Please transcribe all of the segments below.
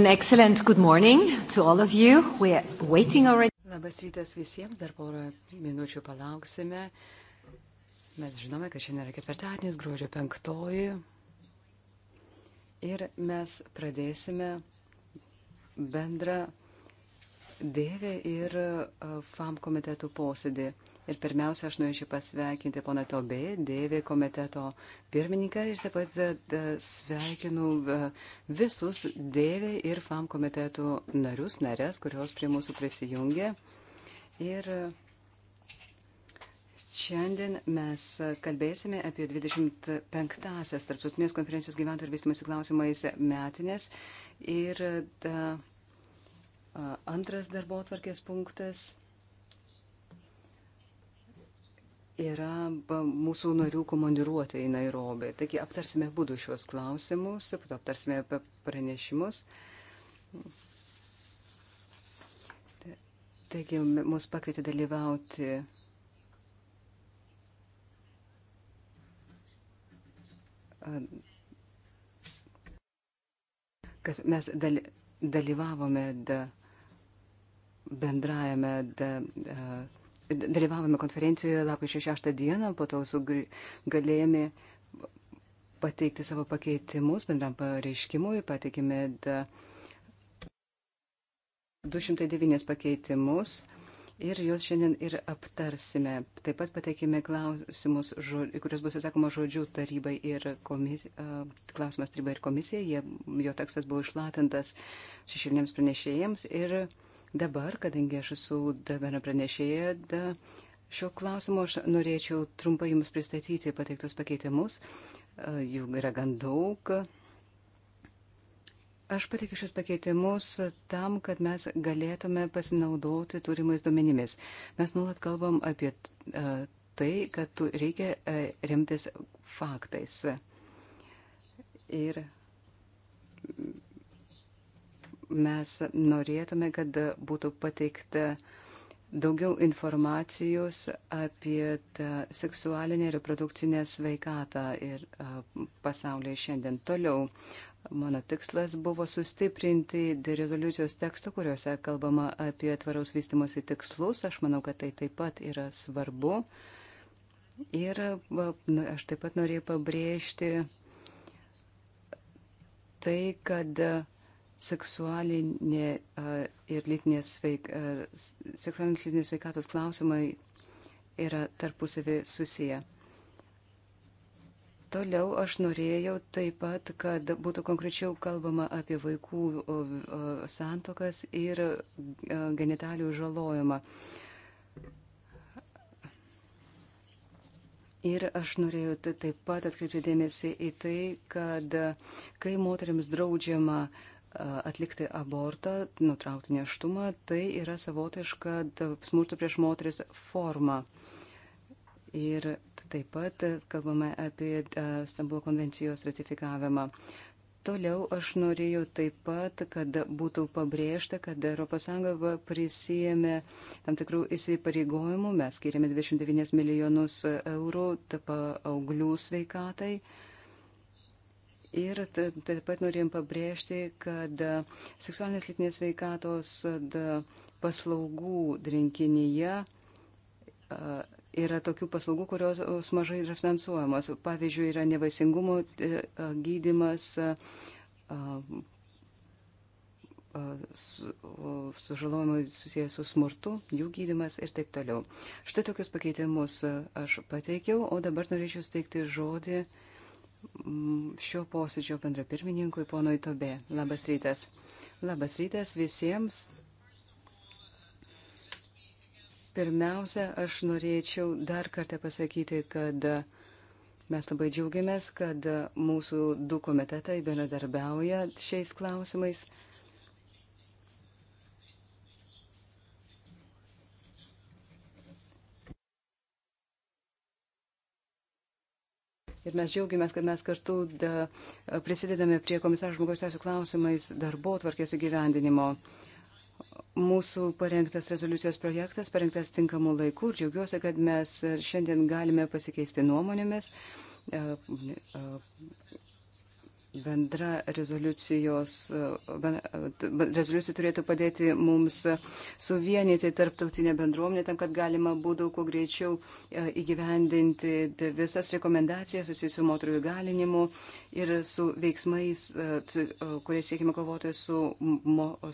An excellent good morning to all of you. We are waiting already. Labas rytas visiems, dar porą minučių palauksime. Mes žinome, kad šiandien yra ketvirtadienis, gruodžio penktoji. Ir mes pradėsime bendrą Dėvė ir FAM komitetų posėdį. Ir pirmiausia, aš norėčiau pasveikinti poną Tobė, Dėvė komiteto pirmininką ir taip pat e, sveikinu e, visus Dėvė ir FAM komitetų narius, narės, kurios prie mūsų prisijungė. Ir e, Šiandien mes kalbėsime apie 25-asias tarptautinės konferencijos gyventojų ir vystimasi klausimais metinės. Ir da, antras darbo atvarkės punktas yra mūsų narių komandiruotė į Nairobį. Taigi aptarsime būdų šios klausimus, aptarsime apie pranešimus. Taigi mus pakvietė dalyvauti kad mes dalyvavome da, bendrajame da, da, dalyvavome konferencijoje lapkričio 6 dieną, po to sugrį, galėjome pateikti savo pakeitimus bendram pareiškimui, pateikėme 209 pakeitimus ir juos šiandien ir aptarsime. Taip pat pateikėme klausimus, į kuriuos bus atsakoma žodžių tarybai ir komisija, klausimas tarybai ir komisija, Jie, jo tekstas buvo išlatintas šešiliniams pranešėjams ir Dabar, kadangi aš esu bendra pranešėja, da, šio klausimo aš norėčiau trumpai Jums pristatyti pateiktus pakeitimus. Jų yra gan daug. Aš pateikiu šios pakeitimus tam, kad mes galėtume pasinaudoti turimais duomenimis. Mes nuolat kalbam apie tai, kad reikia remtis faktais. Ir mes norėtume, kad būtų pateikta daugiau informacijos apie seksualinę ir reprodukcinę sveikatą ir pasaulyje šiandien. Toliau mano tikslas buvo sustiprinti rezoliucijos tekstą, kuriuose kalbama apie tvaraus vystimosi tikslus. Aš manau, kad tai taip pat yra svarbu. Ir nu, aš taip pat norėjau pabrėžti tai, kad seksualinė e, ir lytinės, sveik, e, seksualinės lytinės sveikatos klausimai yra tarpusavį susiję. Toliau aš norėjau taip pat, kad būtų konkrečiau kalbama apie vaikų santokas ir e, genitalių žalojimą. Ir aš norėjau taip pat atkreipti dėmesį į tai, kad kai moteriams draudžiama uh, atlikti abortą, nutraukti neštumą, tai yra savotiška smurto prieš moteris forma. Ir taip pat kalbame apie e, Stambulo konvencijos ratifikavimą. Toliau aš norėjau taip pat, kad būtų pabrėžta, kad ES prisijėmė tam tikrų įsipareigojimų, mes skiriame 29 milijonus eurų paauglių sveikatai. Uh, Ir taip pat norėjom pabrėžti, kad e, seksualinės lytinės veikatos paslaugų rinkinyje e, yra tokių paslaugų, kurios mažai yra finansuojamos. Pavyzdžiui, yra nevaisingumo e, gydimas, sužalojimai susijęs su smurtu, jų gydimas ir taip toliau. Štai tokius pakeitimus aš pateikiau, o dabar norėčiau steigti žodį uh, Mm, šio posėdžio bendrapirmininkui ponui Tobė. Labas rytas. Labas rytas visiems. Pirmiausia, aš norėčiau dar kartą pasakyti, kad Mes labai džiaugiamės, kad mūsų du komitetai bendradarbiauja šiais klausimais. Ir mes džiaugiamės, kad mes kartu da, prisidedame prie komisarų žmogaus teisų klausimais darbo tvarkės įgyvendinimo. Mūsų parengtas rezoliucijos projektas parengtas tinkamu laiku ir džiaugiuosi, kad mes šiandien galime pasikeisti nuomonėmis bendra rezoliucijos, rezoliucija turėtų padėti mums suvienyti tarptautinę bendruomenę tam, kad galima būtų kuo greičiau e, įgyvendinti visas rekomendacijas susijusių moterų įgalinimu ir su veiksmais, e, e, kurie siekime kovoti su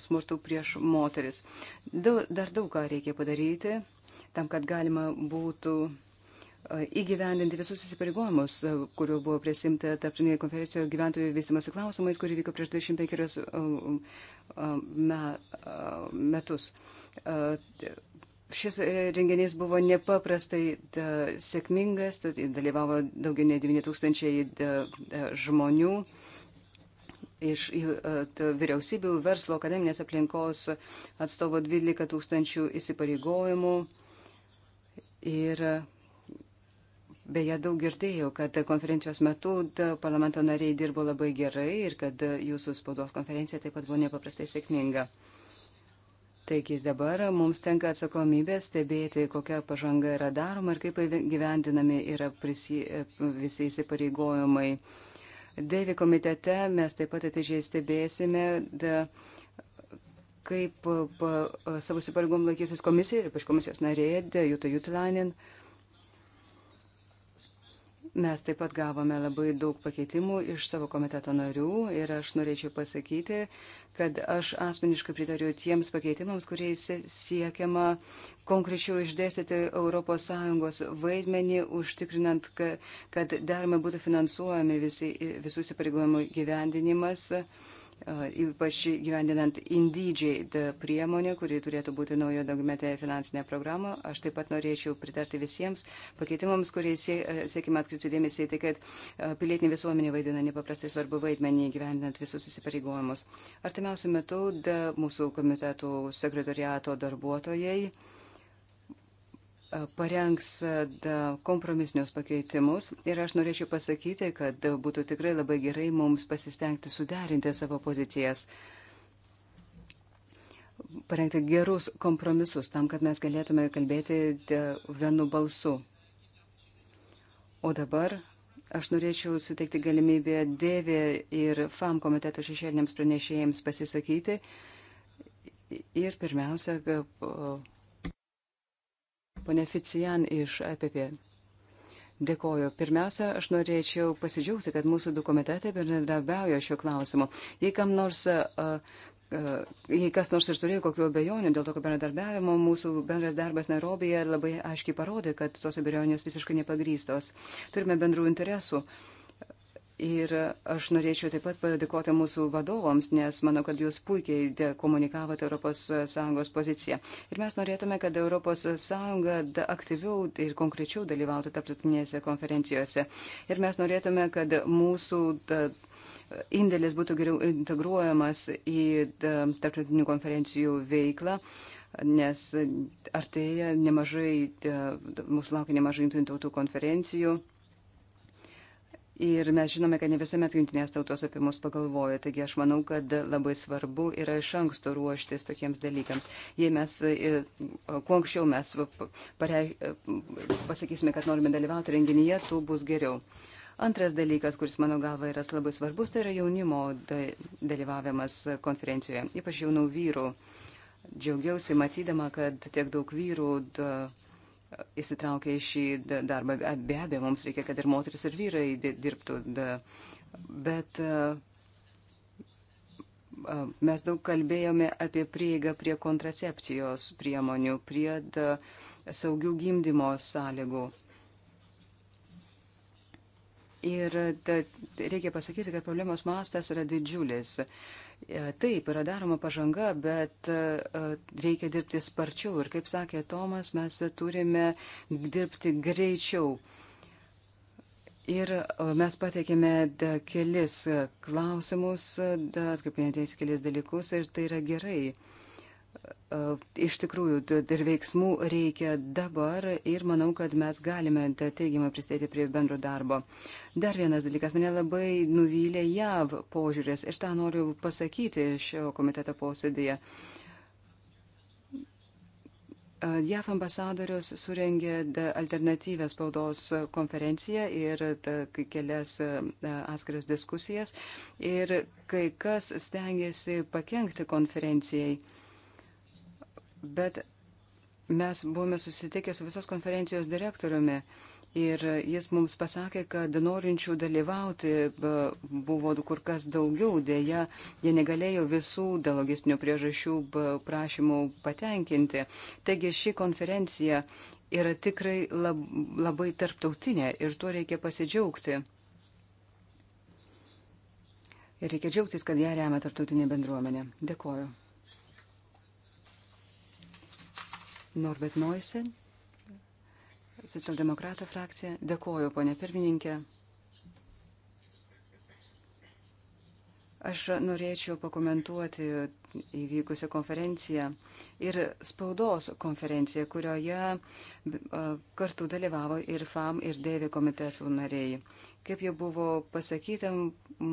smurtu prieš moteris. Dar daug ką reikia padaryti tam, kad galima būtų E, įgyvendinti visus įsipareigojimus, e, kuriuo buvo prisimta tarptautinėje konferencijoje gyventojų vystimosi klausimais, kuri vyko prieš 25 e, metus. Šis renginys buvo nepaprastai da, sėkmingas, dalyvavo daugiau nei 9000 žmonių iš da, vyriausybių, verslo, akademinės aplinkos atstovo 12 tūkstančių įsipareigojimų. Ir Beje, daug girdėjau, kad konferencijos metu parlamento nariai dirbo labai gerai ir kad jūsų spaudos konferencija taip pat buvo nepaprastai sėkminga. Taigi dabar mums tenka atsakomybė stebėti, kokia pažanga yra daroma ir kaip gyvendinami yra prisi, visi įsipareigojimai. Dėvi komitete mes taip pat atidžiai stebėsime. Da, kaip pa, savo įsipareigom laikysis komisija ir ypač komisijos narė Juta Jutlanin. Uh, Mes taip pat gavome labai daug pakeitimų iš savo komiteto narių ir aš norėčiau pasakyti, kad aš asmeniškai pritariu tiems pakeitimams, kuriais siekiama konkrečiau išdėstyti ES vaidmenį, užtikrinant, kad dermai būtų finansuojami visi, visus įpareigojimų gyvendinimas. E, ypač gyvendinant indydžiai priemonę, kuri turėtų būti naujo daugmetėje finansinė programa. Aš taip pat norėčiau pritarti visiems pakeitimams, kuriais e, siekime atkreipti dėmesį į tai, kad e, pilietinė visuomenė vaidina nepaprastai svarbu vaidmenį gyvendinant visus įsipareigojimus. Artimiausiu metu mūsų komitetų sekretoriato darbuotojai parengs e, kompromisinius pakeitimus ir aš norėčiau pasakyti, kad būtų tikrai labai gerai mums pasistengti suderinti savo pozicijas, parengti gerus kompromisus tam, kad mes galėtume kalbėti vienu balsu. O dabar aš norėčiau suteikti galimybę Dėvė ir FAM komiteto šešėliniams pranešėjams pasisakyti ir pirmiausia, Pone Ficijan iš APP. Dėkoju. Pirmiausia, aš norėčiau pasidžiaugti, kad mūsų du komitetai bendradarbiauja šiuo klausimu. Jei kam nors uh, jei kas nors ir turėjo kokių abejonių dėl tokio bendradarbiavimo, mūsų bendras darbas Nairobije labai aiškiai parodė, kad tos abejonės visiškai nepagrystos. Turime bendrų interesų. Ir aš norėčiau taip pat padėkoti mūsų vadovams, nes manau, kad jūs puikiai komunikavote ES poziciją. Ir mes norėtume, kad ES aktyviau ir konkrečiau dalyvautų tarptautinėse konferencijose. Ir mes norėtume, kad mūsų indėlis būtų geriau integruojamas į tarptautinių konferencijų veiklą nes artėja nemažai, mūsų laukia nemažai jungtinių tautų konferencijų. Ir mes žinome, kad ne visuomet jungtinės tautos apie mus pagalvoja, taigi aš manau, kad labai svarbu yra iš anksto ruoštis tokiems dalykams. Jei mes, e, kuo anksčiau mes parei, e, pasakysime, kad norime dalyvauti renginyje, tuo bus geriau. Antras dalykas, kuris mano galva yra labai svarbus, tai yra jaunimo dalyvavimas konferencijoje, ypač jaunų vyrų. Džiaugiausi matydama, kad tiek daug vyrų. Da, įsitraukia į šį darbą. Be abejo, mums reikia, kad ir moteris, ir vyrai dirbtų. Bet mes daug kalbėjome apie prieigą prie kontracepcijos priemonių, prie saugių gimdymo sąlygų. Ir reikia pasakyti, kad problemos mastas yra didžiulis. Uh, E, taip, yra daroma pažanga, bet e, e, reikia dirbti sparčiau. Ir kaip sakė Tomas, mes turime dirbti greičiau. Ir mes pateikėme da, kelis klausimus, atkreipinėtės kelis dalykus ir tai yra gerai. Iš tikrųjų, ir veiksmų reikia dabar ir manau, kad mes galime teigiamai prisidėti prie bendro darbo. Dar vienas dalykas, mane labai nuvylė JAV požiūrės ir tą noriu pasakyti šio komiteto posėdėje. JAF ambasadorius surengė alternatyvę spaudos konferenciją ir kelias atskiras diskusijas ir kai kas stengiasi pakengti konferencijai bet mes buvome susitikę su visos konferencijos direktoriumi ir jis mums pasakė, kad norinčių dalyvauti e, buvo kur kas daugiau, dėja jie negalėjo visų dėl logistinių priežasčių prašymų patenkinti. Taigi ši konferencija yra tikrai lab, labai tarptautinė ir tuo reikia pasidžiaugti. Ir reikia džiaugtis, kad ją remia tarptautinė bendruomenė. Dėkoju. Norbert Neusen, socialdemokratų frakcija. Dėkoju, ponė pirmininkė. Aš norėčiau pakomentuoti įvykusią konferenciją ir spaudos konferenciją, kurioje kartu dalyvavo ir FAM, ir DV komitetų nariai. Kaip jau buvo pasakyta,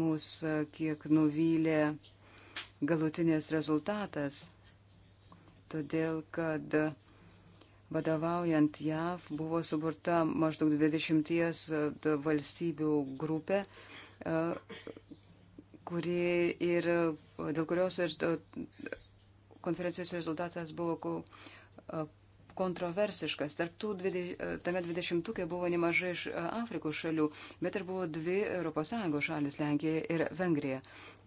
mus kiek nuvylė galutinės rezultatas, todėl kad vadovaujant JAV buvo suburta maždaug 20 e, valstybių grupė, e, kuri ir e, dėl kurios ir konferencijos rezultatas buvo kontroversiškas. Tarp tų dvide, tame dvidešimtukė buvo nemažai iš Afrikos šalių, bet ir buvo dvi ES šalis - Lenkija ir Vengrija.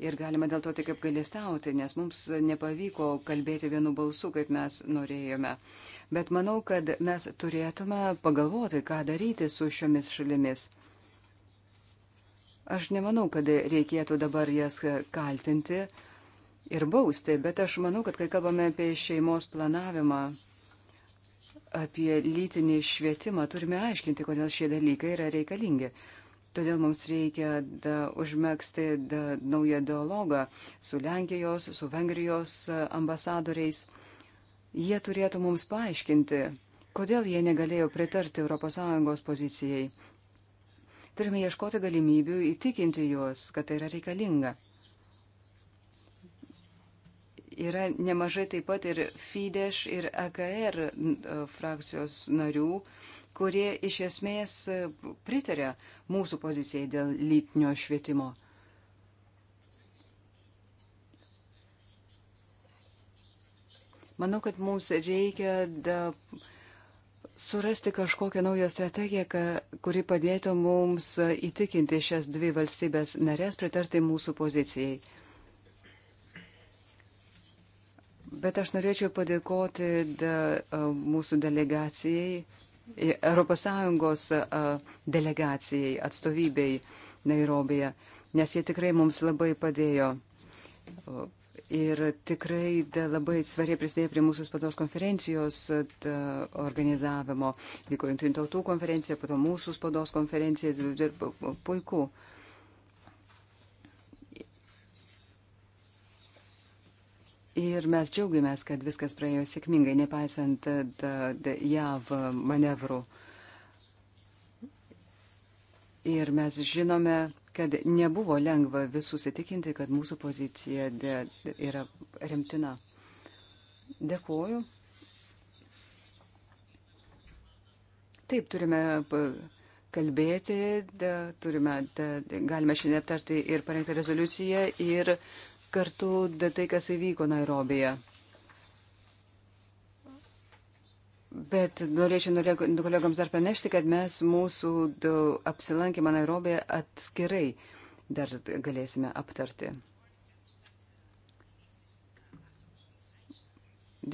Ir galima dėl to tik apgailestauti, nes mums nepavyko kalbėti vienu balsu, kaip mes norėjome. Uh, bet manau, kad mes turėtume pagalvoti, ką daryti su šiomis šalimis. Aš nemanau, kad reikėtų dabar jas kaltinti ir bausti, bet aš manau, kad kai kalbame apie šeimos planavimą, apie lytinį švietimą, turime aiškinti, kodėl šie dalykai yra reikalingi. Todėl mums reikia da, užmėgsti da, naują dialogą su Lenkijos, su Vengrijos ambasadoriais. Jie turėtų mums paaiškinti, kodėl jie negalėjo pritarti ES pozicijai. Turime ieškoti galimybių įtikinti juos, kad tai yra reikalinga. Yra nemažai taip pat ir Fidesz ir AKR e, frakcijos narių, kurie iš esmės e, pritarė mūsų pozicijai dėl lytinio švietimo. Manau, kad mums reikia da, surasti kažkokią naują strategiją, ka, kuri padėtų mums įtikinti šias dvi valstybės narės pritarti mūsų pozicijai. Bet aš norėčiau padėkoti da, mūsų delegacijai, ES delegacijai, atstovybei Nairobėje, nes jie tikrai mums labai padėjo ir tikrai da, labai svariai prisidėjo prie mūsų spados konferencijos da, organizavimo. Vyko Junktinių tautų konferencija, po to mūsų spados konferencija, dirbo puiku. Ir mes džiaugiamės, kad viskas praėjo sėkmingai, nepaisant da, da, JAV manevrų. Ir mes žinome, kad nebuvo lengva visus įtikinti, kad mūsų pozicija de, de, yra rimtina. Dėkuoju. Taip, turime kalbėti, de, turime, de, galime šiandien aptarti ir parengtą rezoliuciją, ir kartu de, tai, kas įvyko Nairobėje. Bet norėčiau kolegoms dar pranešti, kad mes mūsų apsilankymą Nairobėje atskirai dar galėsime aptarti.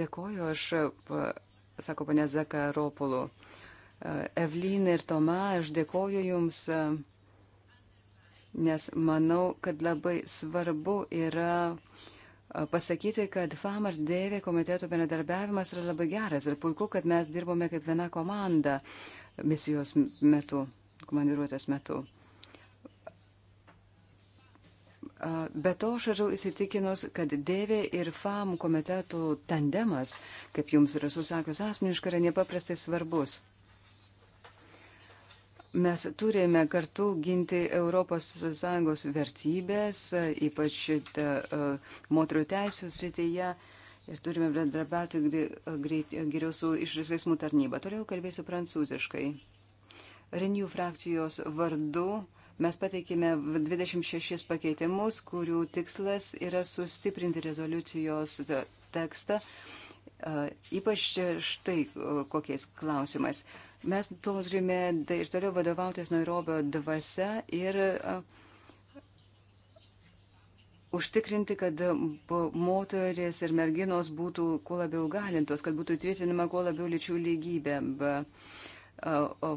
Dėkoju, aš, sako ponė Zakaropulu, Evlyn ir Toma, aš dėkoju Jums, e, nes manau, kad labai svarbu yra pasakyti, kad FAM ir DV komiteto bendradarbiavimas yra labai geras ir puiku, kad mes dirbome kaip viena komanda misijos metu, komandiruotės metu. Be to, aš esu įsitikinus, kad DV ir FAM komitetų tandemas, kaip jums yra susakęs asmeniškai, yra nepaprastai svarbus. Mes turime kartu ginti ES vertybės, ypač šitą, uh, moterų teisų srityje. Ir turime bendrabiauti e, e, geriau su išrės veiksmų tarnyba. Toliau kalbėsiu prancūziškai. Renew frakcijos vardu mes pateikėme 26 pakeitimus, kurių tikslas yra sustiprinti rezoliucijos tekstą, ypač štai kokiais klausimais. Mes turime ir toliau vadovautis Nairobio dvasia ir užtikrinti, kad moteris ir merginos būtų kuo labiau galintos, kad būtų tvirtinama kuo labiau lyčių lygybė.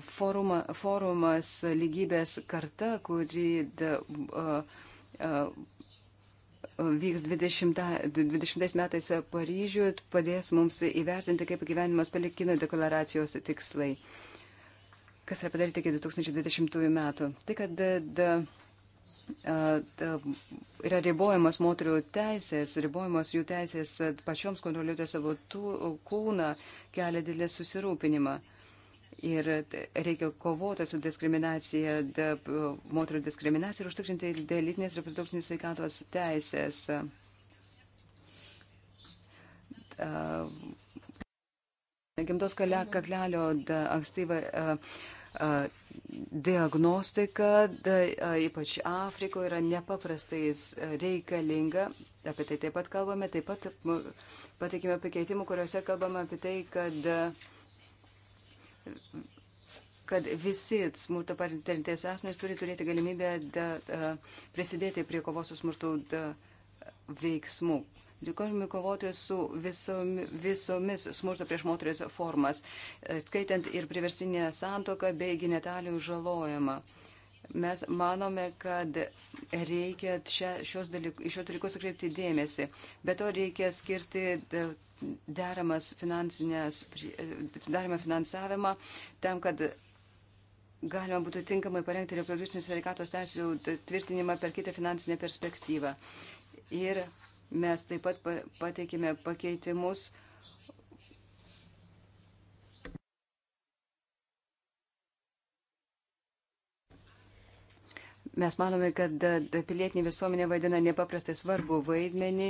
Foruma, forumas lygybės karta, kuri da, a, a, vyks 20, 20 metais Paryžiuje, padės mums įvertinti, kaip gyvenimas palikino deklaracijos tikslai. Kas yra padaryti iki 2020 metų? Tai, kad da, da, yra ribojamas moterių teisės, ribojamas jų teisės pačioms kontroliuoti savo tų, kūną, kelia didelį susirūpinimą. Uh, Ir reikia kovoti su diskriminacija, de, moterų diskriminacija ir užtikrinti lytinės reprodukcinės sveikatos teisės. Da, gimdos kaklelio ankstyva diagnostika, da, ypač Afrikoje, yra nepaprastai reikalinga. Apie tai taip pat kalbame, taip pat pateikime pakeitimų, kuriuose kalbame apie tai, kad kad visi smurto patirties asmenys turi turėti galimybę da, da, prisidėti prie kovos su smurtu da, veiksmų. Dėkojame kovoti su visomis, visomis smurto prieš moteris formas, e, skaitant ir priverstinę santoką bei genitalių žalojimą. Uh, Mes manome, kad reikia šia, šios dalyk, šios dalykus atkreipti dėmesį. Be to reikia skirti deramą finansavimą tam, kad galima būtų tinkamai parengti reprodukcinių sveikatos teisų tvirtinimą per kitą finansinę perspektyvą. Ir mes taip pat pateikėme pakeitimus, uh, Mes manome, kad pilietinė visuomenė vaidina nepaprastai svarbu vaidmenį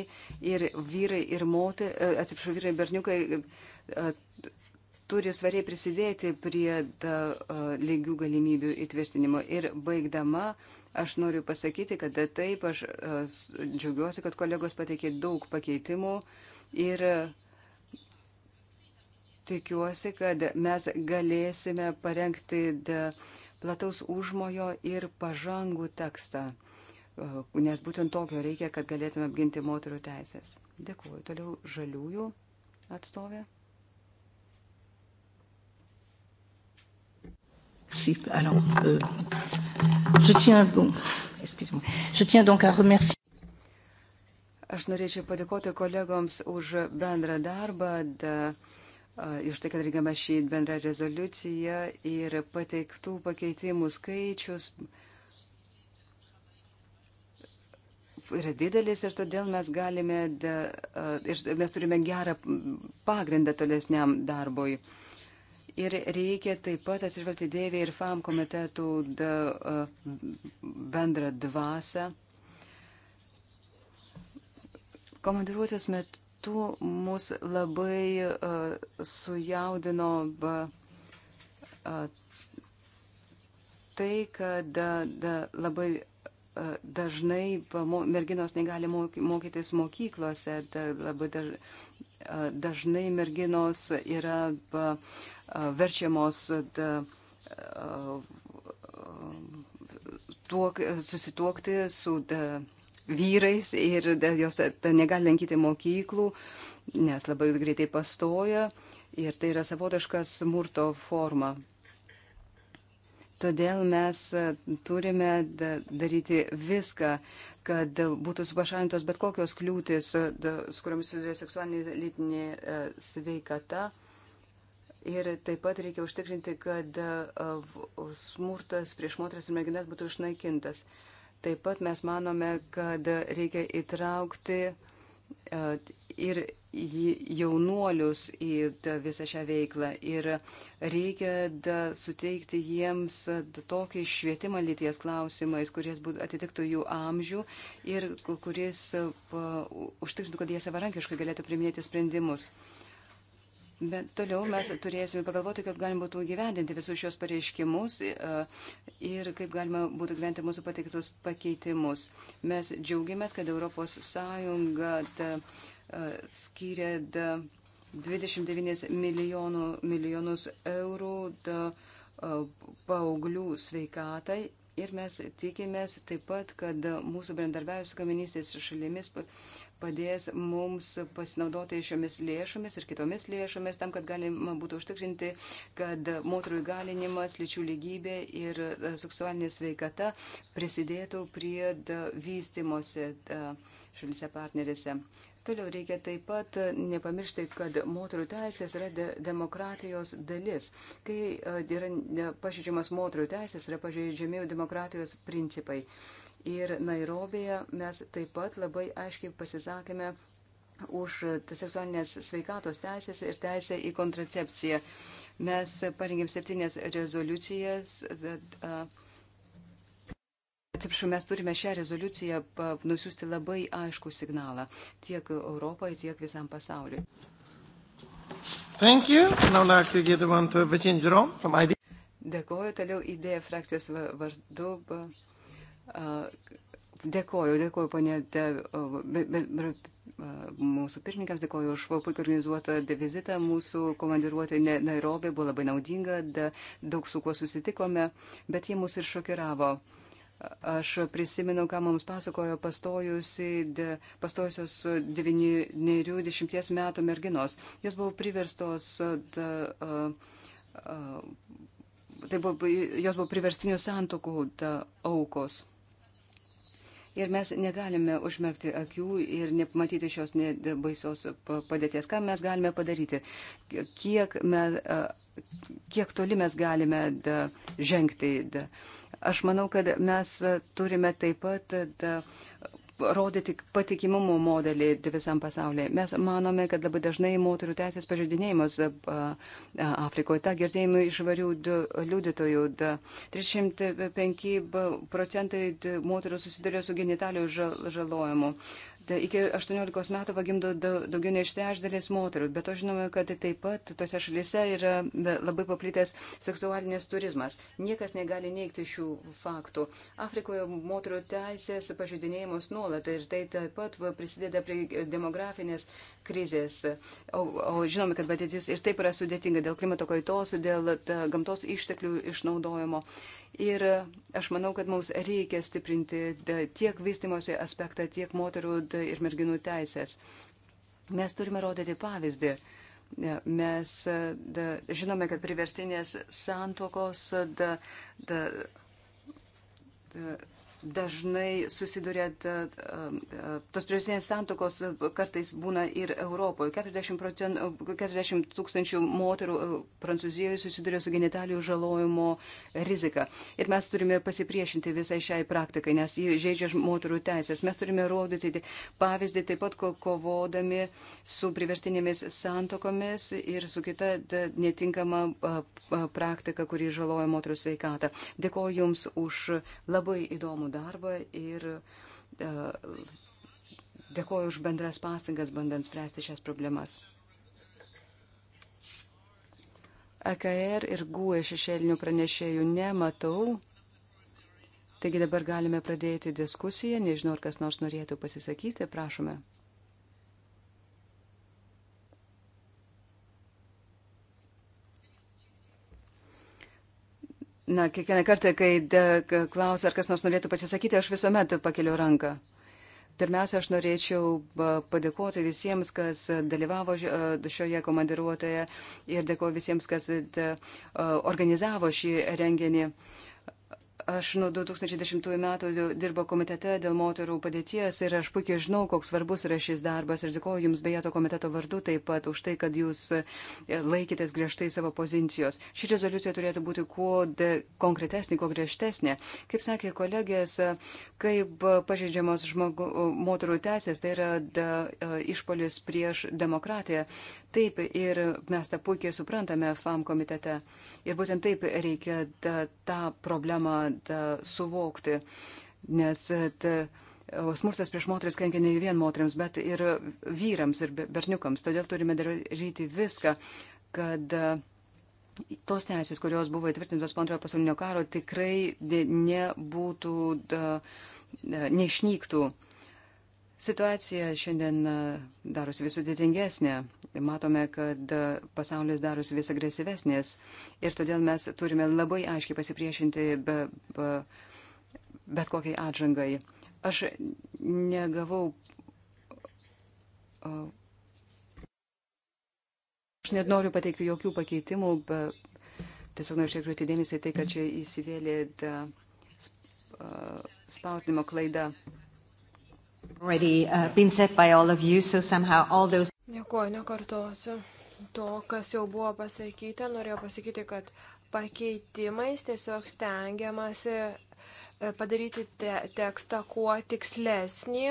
ir vyrai ir motai, e, atsiprašau, vyrai ir berniukai e, turi svariai prisidėti prie da, e, lygių galimybių įtvirtinimo. Ir baigdama, aš noriu pasakyti, kad da, taip, aš džiaugiuosi, kad kolegos pateikė daug pakeitimų ir tikiuosi, kad mes galėsime parengti da, uh, plataus užmojo ir pažangų tekstą, e, nes būtent tokio reikia, kad galėtume apginti moterų teisės. Dėkuoju. Toliau žaliųjų atstovė. Si, alors, euh, je tiens, bon, excusez-moi, je tiens donc à remercier. Aš norėčiau padėkoti kolegoms už bendrą darbą. Da, de Iš tai, kad rengiama šį bendrą rezoliuciją ir pateiktų pakeitimų skaičius yra didelis ir todėl mes galime, de, ir mes turime gerą pagrindą tolesniam darbui. Ir reikia taip pat atsižvelgti dėvė ir FAM komitetų de, bendrą dvasę. Komandiruotės metu metu mus labai uh, sujaudino uh, tai, kad da, da, labai uh, dažnai mo, merginos negali moky, mokytis mokyklose, da, labai daž, uh, dažnai merginos yra uh, verčiamos da, uh, tuok, susituokti su da, vyrais ir jos negali lankyti mokyklų, nes labai greitai pastoja ir tai yra savotiška smurto forma. Todėl mes e, turime daryti viską, kad būtų supašalintos bet kokios kliūtis, e, su kuriomis susiduria seksualinė lytinė e, sveikata. Ir taip pat reikia užtikrinti, kad smurtas prieš moteris ir merginas būtų išnaikintas. Taip pat mes manome, kad reikia įtraukti e, ir jaunuolius į visą šią veiklą ir reikia suteikti jiems tokį švietimą lyties klausimais, kuris atitiktų jų amžių ir kuris užtikrintų, kad jie savarankiškai galėtų priminėti sprendimus. Bet toliau mes turėsime pagalvoti, kaip galima būtų gyvendinti visus šios pareiškimus e, ir kaip galima būtų gyventi mūsų pateiktus pakeitimus. Mes džiaugiamės, kad ES e, skiria 29 milijonų, milijonus eurų da, e, paauglių sveikatai ir mes tikimės taip pat, kad mūsų bendarbiavimas su kaiminystės šalimis padės mums pasinaudoti šiomis lėšomis ir kitomis lėšomis tam, kad galima būtų užtikrinti, kad moterų įgalinimas, lyčių lygybė ir e, seksualinė sveikata prisidėtų prie vystimosi šalise partnerėse. Toliau reikia taip pat nepamiršti, kad moterų teisės yra de demokratijos dalis. Kai e, yra pažeidžiamas moterų teisės, yra pažeidžiami demokratijos principai. Uh, ir Nairobėje mes taip pat labai aiškiai pasisakėme už seksualinės sveikatos teisės ir teisę į kontracepciją. Mes parengėm septynės rezoliucijas. Atsiprašau, mes turime šią rezoliuciją nusiųsti labai aišku signalą tiek Europai, tiek visam pasauliu. E. Dėkuoju toliau idėją e frakcijos vardu. Dėkoju, dėkoju, ponė, mūsų pirmininkams, dėkoju už puikiai organizuotą vizitą. Mūsų komandiruotė Nairobė buvo labai naudinga, daug su kuo susitikome, bet jie mus ir šokiravo. Aš prisimenu, ką mums pasakojo pastojusios 90 metų merginos. Jos buvo priverstos. Da, a, a, Tai buvo, jos buvo priverstinių santokų aukos. Ir mes negalime užmerkti akių ir nepamatyti šios baisios padėties. Ką mes galime padaryti? Kiek, mes, kiek toli mes galime da, žengti? Da. Aš manau, kad mes turime taip pat da, rodyti patikimumo modelį visam pasaulyje. Mes manome, kad labai dažnai moterų teisės pažeidinėjimas Afrikoje, tą girdėjimą iš varių liudytojų, 305 procentai moterų susiduria su genitalių žalojimu, Da, tai iki 18 metų pagimdo daugiau nei trečdalis moterų, bet to žinome, kad taip pat tose šalyse yra labai paplitęs seksualinės turizmas. Niekas negali neigti šių faktų. Afrikoje moterų teisės pažeidinėjimus nuolat ir tai taip pat prisideda prie demografinės krizės. O, o žinome, kad patėtis ir taip yra sudėtinga dėl klimato kaitos, dėl gamtos išteklių išnaudojimo. Ir aš manau, kad mums reikia stiprinti tiek vystimosi aspektą, tiek moterų ir merginų teisės. Mes turime rodyti pavyzdį. Mes da, žinome, kad priverstinės santokos da, da, da, dažnai susiduria, tos priversinės santokos kartais būna ir Europoje. 40, procent, 40 tūkstančių moterų e, Prancūzijoje susiduria su genitalijų žalojimo rizika. Ir mes turime pasipriešinti visai šiai praktikai, nes jį žaidžia moterų teisės. Mes turime rodyti pavyzdį taip pat kovodami su priverstinėmis santokomis ir su kita netinkama praktika, kuri žaloja moterų sveikatą. Dėkoju Jums už labai įdomų darbą ir e, dėkoju už bendras pastangas bandant spręsti šias problemas. E AKR er ir GUE šešėlinių pranešėjų nematau. Taigi dabar galime pradėti diskusiją. Nežinau, ar kas nors norėtų pasisakyti. Prašome. Na, kiekvieną kartą, kai klausia, ar kas nors norėtų pasisakyti, aš visuomet pakeliu ranką. Pirmiausia, aš norėčiau padėkoti visiems, kas dalyvavo šioje komandiruotėje ir dėkoju visiems, kas organizavo šį renginį. Aš nuo 2010 metų dirbo komitete dėl moterų padėties ir aš puikiai žinau, koks svarbus yra šis darbas ir dėkoju Jums beje to komiteto vardu taip pat už tai, kad Jūs e, laikytės griežtai savo pozicijos. Ši rezoliucija turėtų būti kuo konkretesnė, kuo griežtesnė. Kaip sakė kolegės, kaip pažeidžiamos žmogu, moterų teisės, tai yra da, e, išpolis prieš demokratiją. Taip ir mes tą puikiai suprantame FAM komitete. Ir būtent taip reikia da, tą problemą da, suvokti, nes da, smurtas prieš moteris kenkia ne vien moteriams, bet ir vyrams ir berniukams. Todėl turime daryti viską, kad da, e, tos teisės, kurios buvo įtvirtintos po antrojo pasaulinio karo, tikrai nebūtų, da, e, neišnyktų. Ne Situacija šiandien e, darosi vis sudėtingesnė. Matome, kad e, pasaulis darosi vis agresyvesnės ir todėl mes turime labai aiškiai pasipriešinti be, be, bet kokiai atžangai. Aš negavau. Aš net noriu pateikti jokių pakeitimų, bet tiesiog noriu šiek tiek atidėmėsi tai, kad čia įsivėlė e, spausdinimo klaida already uh, been said by all of you, so somehow all those. Nieko nekartosiu. To, kas jau buvo pasakyta, norėjau pasakyti, kad pakeitimais tiesiog stengiamasi e, padaryti te tekstą kuo tikslesnį.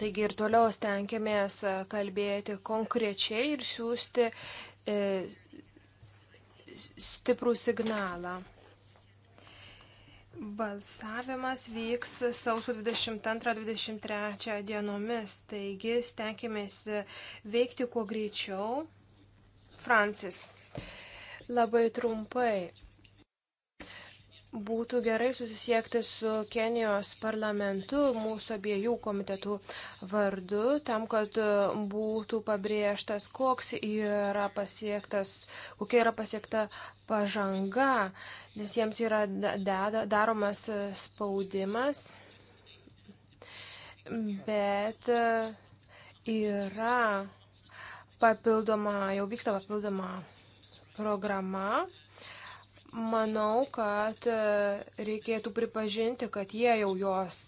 Taigi ir toliau stengiamės e, kalbėti konkrečiai ir siūsti e, stiprų signalą. Balsavimas vyks sausio 22-23 dienomis, taigi stengiamės veikti kuo greičiau. Francis. Labai trumpai. Būtų gerai susisiekti su Kenijos parlamentu mūsų abiejų komitetų vardu, tam, kad e, būtų pabrėžtas, koks yra pasiektas, kokia yra pasiekta pažanga, nes jiems yra daromas e, spaudimas, bet e, yra papildoma, jau vyksta papildoma programa Manau, kad e, reikėtų pripažinti, kad jie jau jos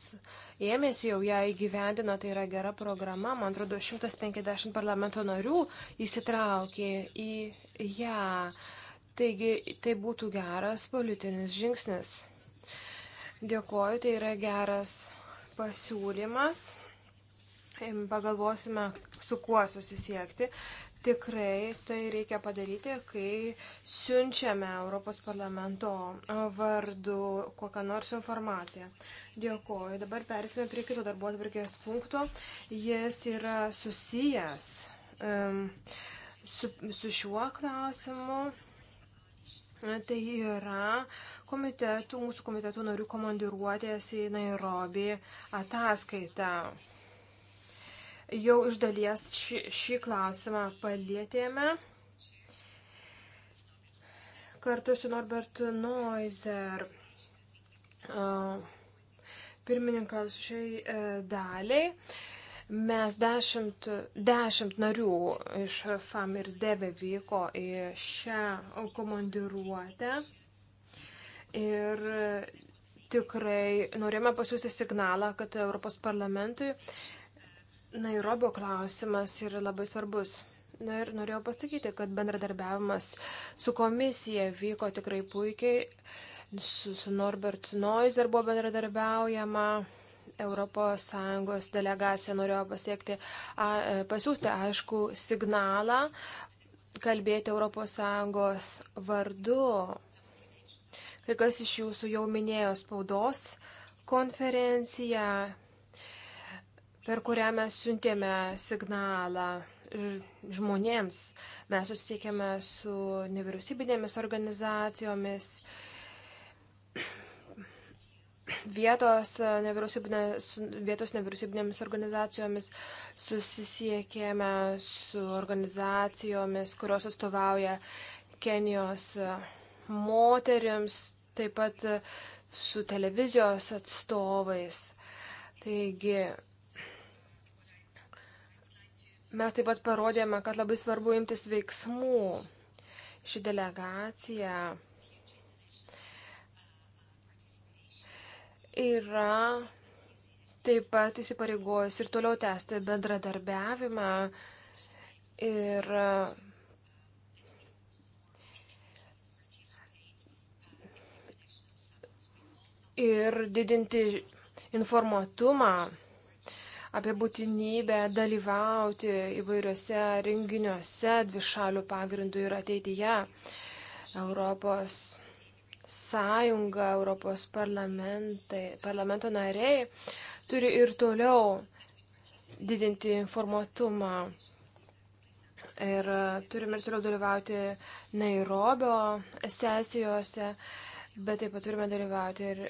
ėmėsi, jau ją įgyvendino, tai yra gera programa. Man atrodo, 150 parlamento narių įsitraukė į ją. Taigi, tai būtų geras politinis žingsnis. Dėkoju, tai yra geras pasiūlymas pagalvosime, su kuo susisiekti tikrai tai reikia padaryti, kai siunčiame Europos parlamento vardu kokią nors informaciją. Dėkuoju. Dabar persime prie kito darbo atvarkės punkto. Jis yra susijęs um, su, su šiuo klausimu. Tai yra komitetų, mūsų komitetų narių komandiruotės į Nairobi ataskaitą. Jau iš dalies šį, šį klausimą palėtėme. Kartu su Norbertu Noizer pirmininkaus šiai e, daliai. Mes dešimt, dešimt narių iš FAM ir DEVE vyko į šią komandiruotę. Ir e, tikrai norėjome pasiūsti signalą, kad Europos parlamentui Nairobio klausimas yra labai svarbus. Na ir norėjau pasakyti, kad bendradarbiavimas su komisija vyko tikrai puikiai. Su, su Norbert Noiser buvo bendradarbiaujama. ES delegacija norėjo pasiekti, a, pasiūsti aišku signalą, kalbėti ES vardu. Kai kas iš jūsų jau minėjo spaudos konferenciją, per kurią mes siuntėme signalą žmonėms. Mes susitikėme su nevyriausybinėmis organizacijomis, vietos, nevyriausybinė, vietos nevyriausybinėmis organizacijomis, susisiekėme su organizacijomis, kurios atstovauja Kenijos moteriams, taip pat su televizijos atstovais. Taigi Mes taip pat parodėme, kad labai svarbu imtis veiksmų. Ši delegacija yra taip pat įsipareigojus ir toliau tęsti bendradarbiavimą ir ir didinti informuotumą apie būtinybę dalyvauti įvairiuose renginiuose dvišalių pagrindų ir ateityje. Europos sąjunga, Europos parlamento nariai turi ir toliau didinti informatumą. Ir turime ir toliau dalyvauti Nairobio sesijose, bet taip pat turime dalyvauti ir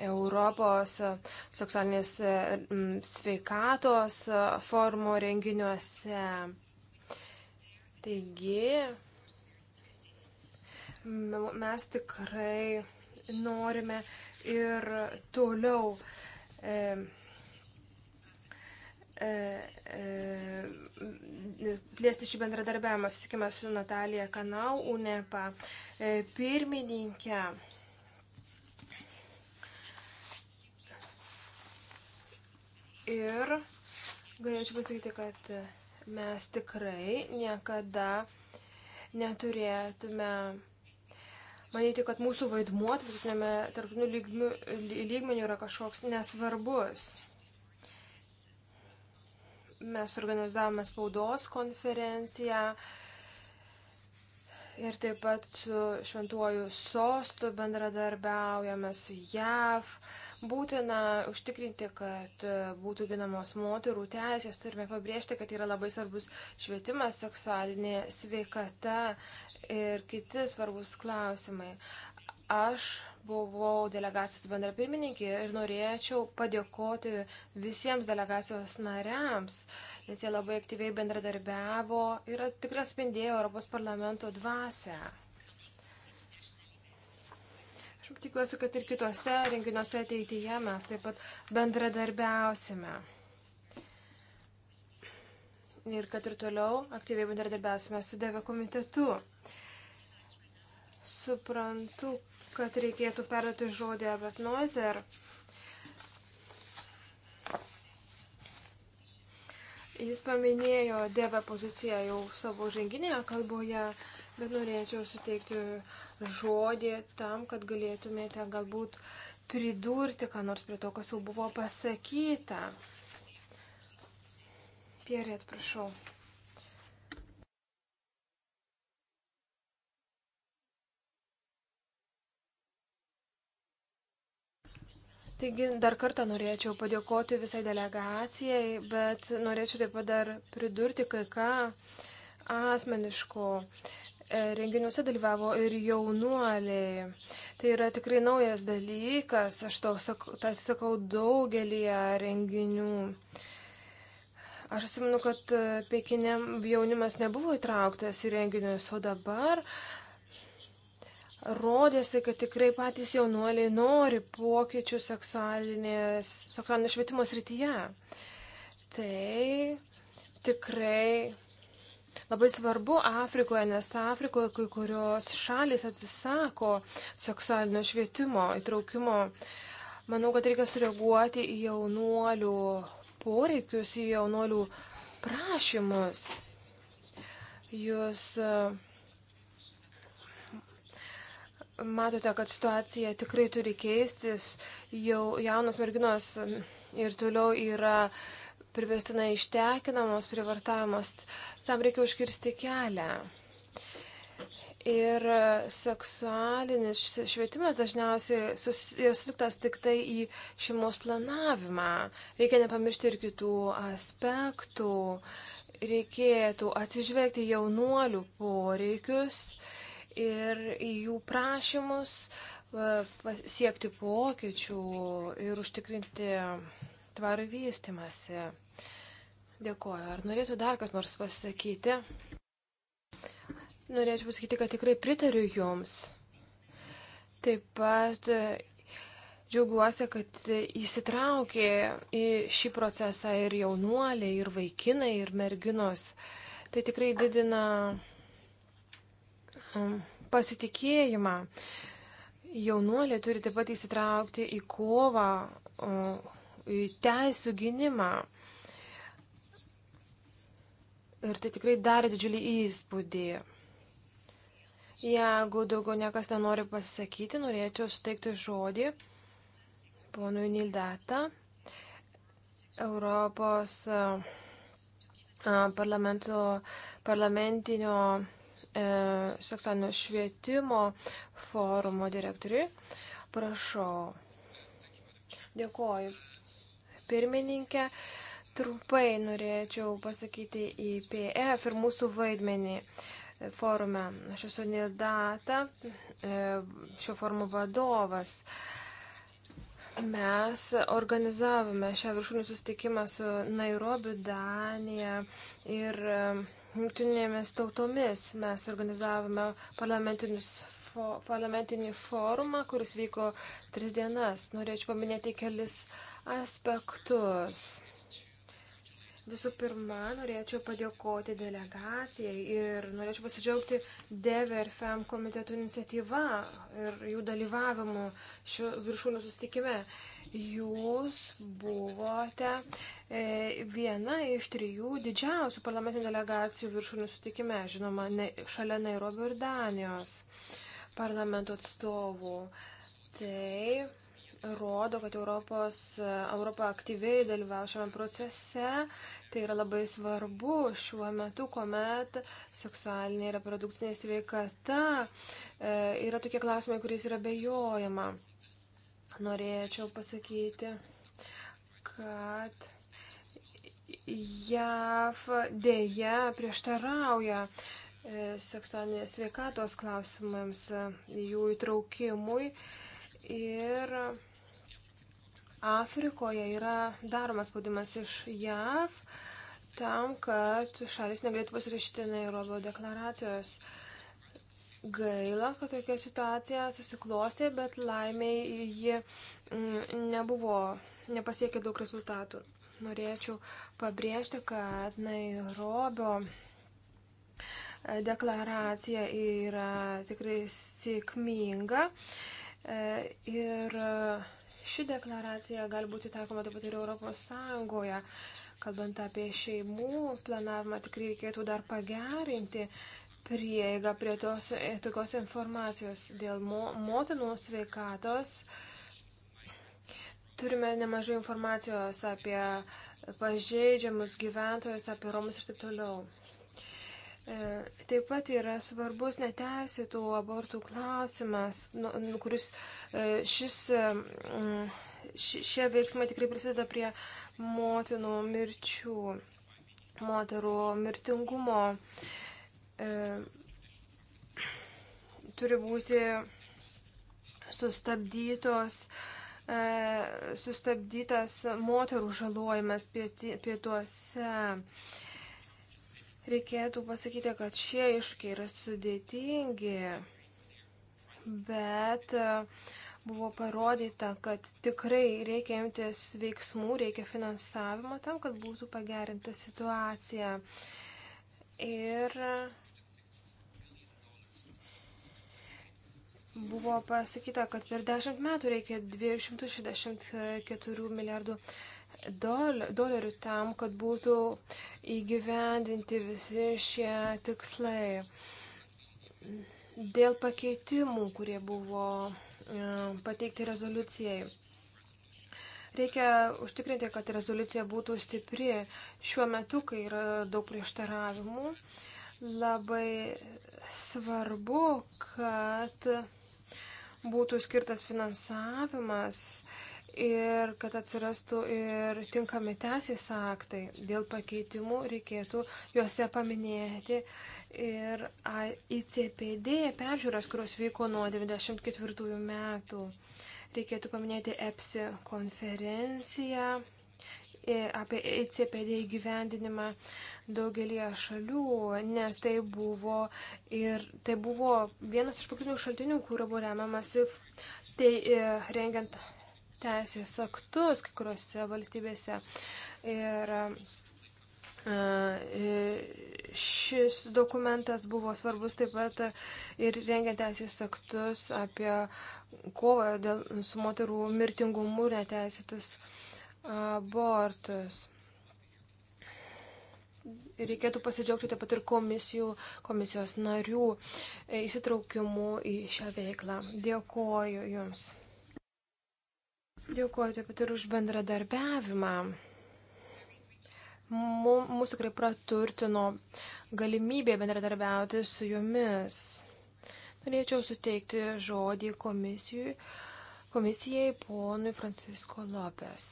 Europos e, seksualinės e, sveikatos e, formų renginiuose. Taigi, mes tikrai norime ir toliau e, e, e, plėsti šį bendradarbiavimą. Susikime su Natalija Kanau, UNEPA e, pirmininkė. Ir galėčiau pasakyti, kad mes tikrai niekada neturėtume manyti, kad mūsų vaidmuo tarptautiniu lygmeniu yra kažkoks nesvarbus. Mes organizavome spaudos konferenciją, uh, ir taip pat su šventuoju sostu bendradarbiaujame su JAV. Būtina užtikrinti, kad būtų ginamos moterų teisės. Turime pabrėžti, kad yra labai svarbus švietimas, seksualinė sveikata ir kiti svarbus klausimai. Aš buvau delegacijos bendrapirmininkė ir norėčiau padėkoti visiems delegacijos nariams, nes jie labai aktyviai bendradarbiavo ir tikrai spindėjo Europos parlamento dvasę. Aš tikiuosi, kad ir kitose renginiuose ateityje mes taip pat bendradarbiausime. Ir kad ir toliau aktyviai bendradarbiausime su DV komitetu. Suprantu, kad reikėtų perduoti žodį Abet Noizer. Jis paminėjo devę poziciją jau savo žanginėje kalboje, bet norėčiau suteikti žodį tam, kad galėtumėte galbūt pridurti, ką nors prie to, kas jau buvo pasakyta. Pierė, prašau. Taigi dar kartą norėčiau padėkoti visai delegacijai, bet norėčiau taip pat dar pridurti kai ką asmeniško. E, renginiuose dalyvavo ir jaunuoliai. Tai yra tikrai naujas dalykas, aš to sakau, tai sakau daugelį renginių. Aš atsimenu, kad e, Pekinė jaunimas nebuvo įtrauktas į renginius, o dabar uh, rodėsi, kad tikrai patys jaunuoliai nori pokyčių seksualinės, seksualinio švietimo srityje. Tai tikrai labai svarbu Afrikoje, nes Afrikoje kai kurios šalis atsisako seksualinio švietimo įtraukimo. Manau, kad reikia sureaguoti į jaunuolių poreikius, į jaunuolių prašymus. Jūs uh, Matote, kad situacija tikrai turi keistis. Jau jaunos merginos ir toliau yra priverstinai ištekinamos, privartavimos. Tam reikia užkirsti kelią. Ir seksualinis švietimas dažniausiai susiltas tik tai į šeimos planavimą. Reikia nepamiršti ir kitų aspektų. Reikėtų atsižvelgti jaunuolių poreikius ir į jų prašymus e, siekti pokyčių ir užtikrinti tvarų vystimąsi. Dėkuoju. Ar norėtų dar kas nors pasakyti? Norėčiau pasakyti, kad tikrai pritariu Jums. Taip pat e, džiaugiuosi, kad įsitraukė į šį procesą ir jaunuoliai, ir vaikinai, ir merginos. Tai tikrai didina Um, pasitikėjimą. Jaunuoliai turi taip pat įsitraukti į kovą, į teisų gynimą. Ir tai tikrai darė didžiulį įspūdį. Jeigu daugiau niekas nenori pasisakyti, norėčiau suteikti žodį ponui Nildata, Europos parlamento, parlamentinio E, seksualinio švietimo forumo direktoriui. Prašau. Dėkuoju. Pirmininkė, trumpai norėčiau pasakyti į PF ir mūsų vaidmenį forume. Aš esu Nildata, e, šio forumo vadovas. Mes organizavome šią viršūnį susitikimą su Nairobi, Danija ir uh, jungtinėmis tautomis. Mes organizavome fo, parlamentinį forumą, kuris vyko tris dienas. Norėčiau paminėti kelis aspektus. Visų pirma, norėčiau padėkoti delegacijai ir norėčiau pasidžiaugti DEVE ir FEM komitetų iniciatyva ir jų dalyvavimu šio viršūnų sustikime. Jūs buvote e, viena iš trijų didžiausių parlamentinių delegacijų viršūnų sustikime, žinoma, ne, šalia Nairobio ir Danijos parlamento atstovų. Tai rodo, kad Europos, Europa aktyviai dalyvauja šiame procese. Tai yra labai svarbu šiuo metu, kuomet seksualinė ir reprodukcinė sveikata e, yra tokie klausimai, kuriais yra bejojama. Norėčiau pasakyti, kad JAV dėja prieštarauja e, seksualinės sveikatos klausimams, jų įtraukimui ir Afrikoje yra daromas spaudimas iš JAV tam, kad šalis negalėtų pasirašyti Nairobio deklaracijos. Gaila, kad tokia situacija susiklostė, bet laimiai ji mm, nebuvo, nepasiekė daug rezultatų. Norėčiau pabrėžti, kad Nairobio deklaracija yra tikrai sėkminga e, ir Ši deklaracija gali būti taikoma taip pat ir Europos Sąjungoje. Kalbant apie šeimų planavimą, tikrai reikėtų dar pagerinti prieigą prie tos e, tokios informacijos dėl mo, motinų sveikatos. Turime nemažai informacijos apie pažeidžiamus gyventojus, apie romus ir taip toliau. E, taip pat yra svarbus neteisėtų abortų klausimas, nu, nu, kuris e, šis, e, šie veiksmai tikrai prisideda prie motinų mirčių, moterų mirtingumo. Turi būti sustabdytos, sustabdytas moterų žalojimas pietuose. Pieti, Reikėtų pasakyti, kad šie iššūkiai yra sudėtingi, bet e, buvo parodyta, kad tikrai reikia imtis veiksmų, reikia finansavimo tam, kad būtų pagerinta situacija. Ir buvo pasakyta, kad per 10 metų reikia 264 milijardų eurų dolerių tam, kad būtų įgyvendinti visi šie tikslai. Dėl pakeitimų, kurie buvo e, pateikti rezoliucijai. Reikia užtikrinti, kad rezoliucija būtų stipri. Šiuo metu, kai yra daug prieštaravimų, labai svarbu, kad būtų skirtas finansavimas ir kad atsirastų ir tinkami teisės aktai. Dėl pakeitimų reikėtų juose paminėti ir ICPD peržiūras, kurios vyko nuo 94 metų. Reikėtų paminėti EPSI konferenciją apie ECPD įgyvendinimą daugelį šalių, nes tai buvo, ir, tai buvo vienas iš pagrindinių šaltinių, kurio buvo remiamasi tai, rengiant teisės aktus kai kuriuose valstybėse. Ir e, e, šis dokumentas buvo svarbus taip pat ir rengiant teisės aktus apie kovą dėl, su moterų mirtingumu ir neteisėtus abortus. Reikėtų pasidžiaugti taip pat ir komisijų, komisijos narių e, įsitraukimu į šią veiklą. Dėkoju Jums. Dėkuoju taip pat ir už bendradarbiavimą. Mūsų tikrai praturtino galimybė bendradarbiauti su jumis. Norėčiau suteikti žodį komisijai, komisijai ponui Francisko Lopes.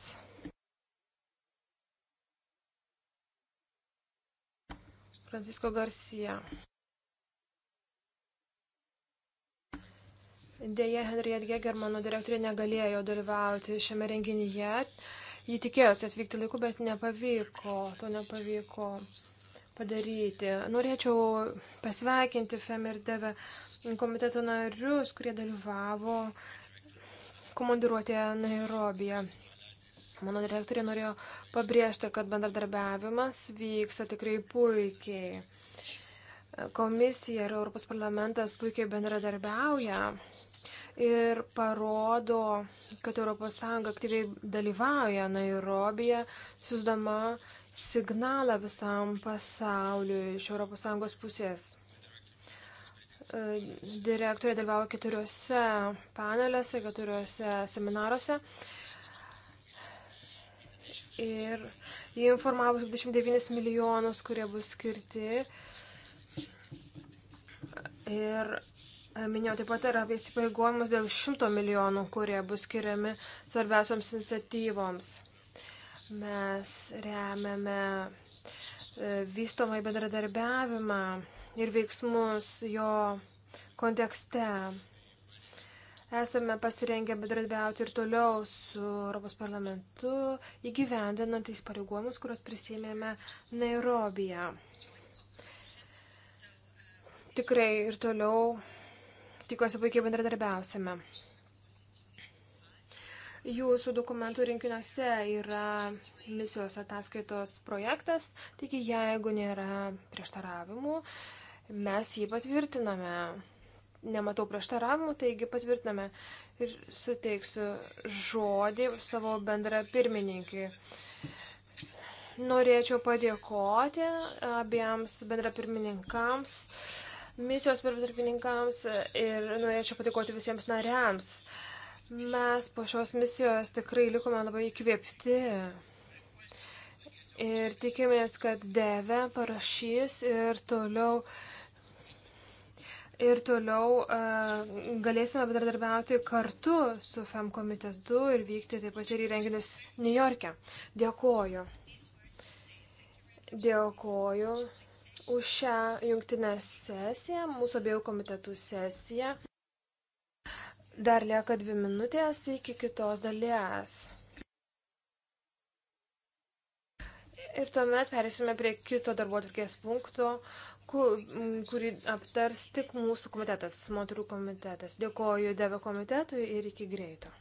Francisco Garcia. Deja, Henriette Geger, mano direktorė, negalėjo dalyvauti šiame renginyje. Ji tikėjosi atvykti laiku, bet nepavyko, to nepavyko padaryti. Norėčiau pasveikinti FEM ir DEVE komiteto narius, kurie dalyvavo komandiruotėje Nairobija. Mano direktorė norėjo pabrėžti, kad bendradarbiavimas vyksta tikrai puikiai. Komisija ir Europos parlamentas puikiai bendradarbiauja ir parodo, kad ES aktyviai dalyvauja Nairobije, siūsdama signalą visam pasauliui iš ES pusės. E, direktorė dalyvavo keturiuose paneliuose, keturiuose seminaruose. Ir jie informavo 29 milijonus, kurie bus skirti uh, Ir e, minėjau taip pat ir apie įsipareigojimus dėl šimto milijonų, kurie bus skiriami svarbiausiams iniciatyvoms. Mes remiame e, vystomą į bendradarbiavimą ir veiksmus jo kontekste. Esame pasirengę bedradarbiauti ir toliau su Europos parlamentu įgyvendinant įsipareigojimus, kuriuos prisėmėme Nairobija tikrai ir toliau tikiuosi puikiai bendradarbiausime. Jūsų dokumentų rinkiniuose yra misijos ataskaitos projektas, taigi jeigu nėra prieštaravimų, mes jį patvirtiname. Nematau prieštaravimų, taigi patvirtiname ir suteiksiu žodį savo bendra pirmininkiai. Norėčiau padėkoti abiems bendra pirmininkams. Uh, misijos pirmininkams ir norėčiau padėkoti visiems nariams. Mes po šios misijos tikrai likome labai įkvėpti. Ir tikimės, kad Deve parašys ir toliau ir toliau uh, galėsime bendradarbiauti kartu su FEM komitetu ir vykti taip pat ir į renginius Niujorke. Dėkoju. Dėkoju už šią jungtinę sesiją, mūsų abiejų komitetų sesiją. Dar lieka dvi minutės iki kitos dalies. Ir tuomet perėsime prie kito darbo atvirkės punkto, kurį aptars tik mūsų komitetas, moterų komitetas. Dėkoju Deve komitetui ir iki greito.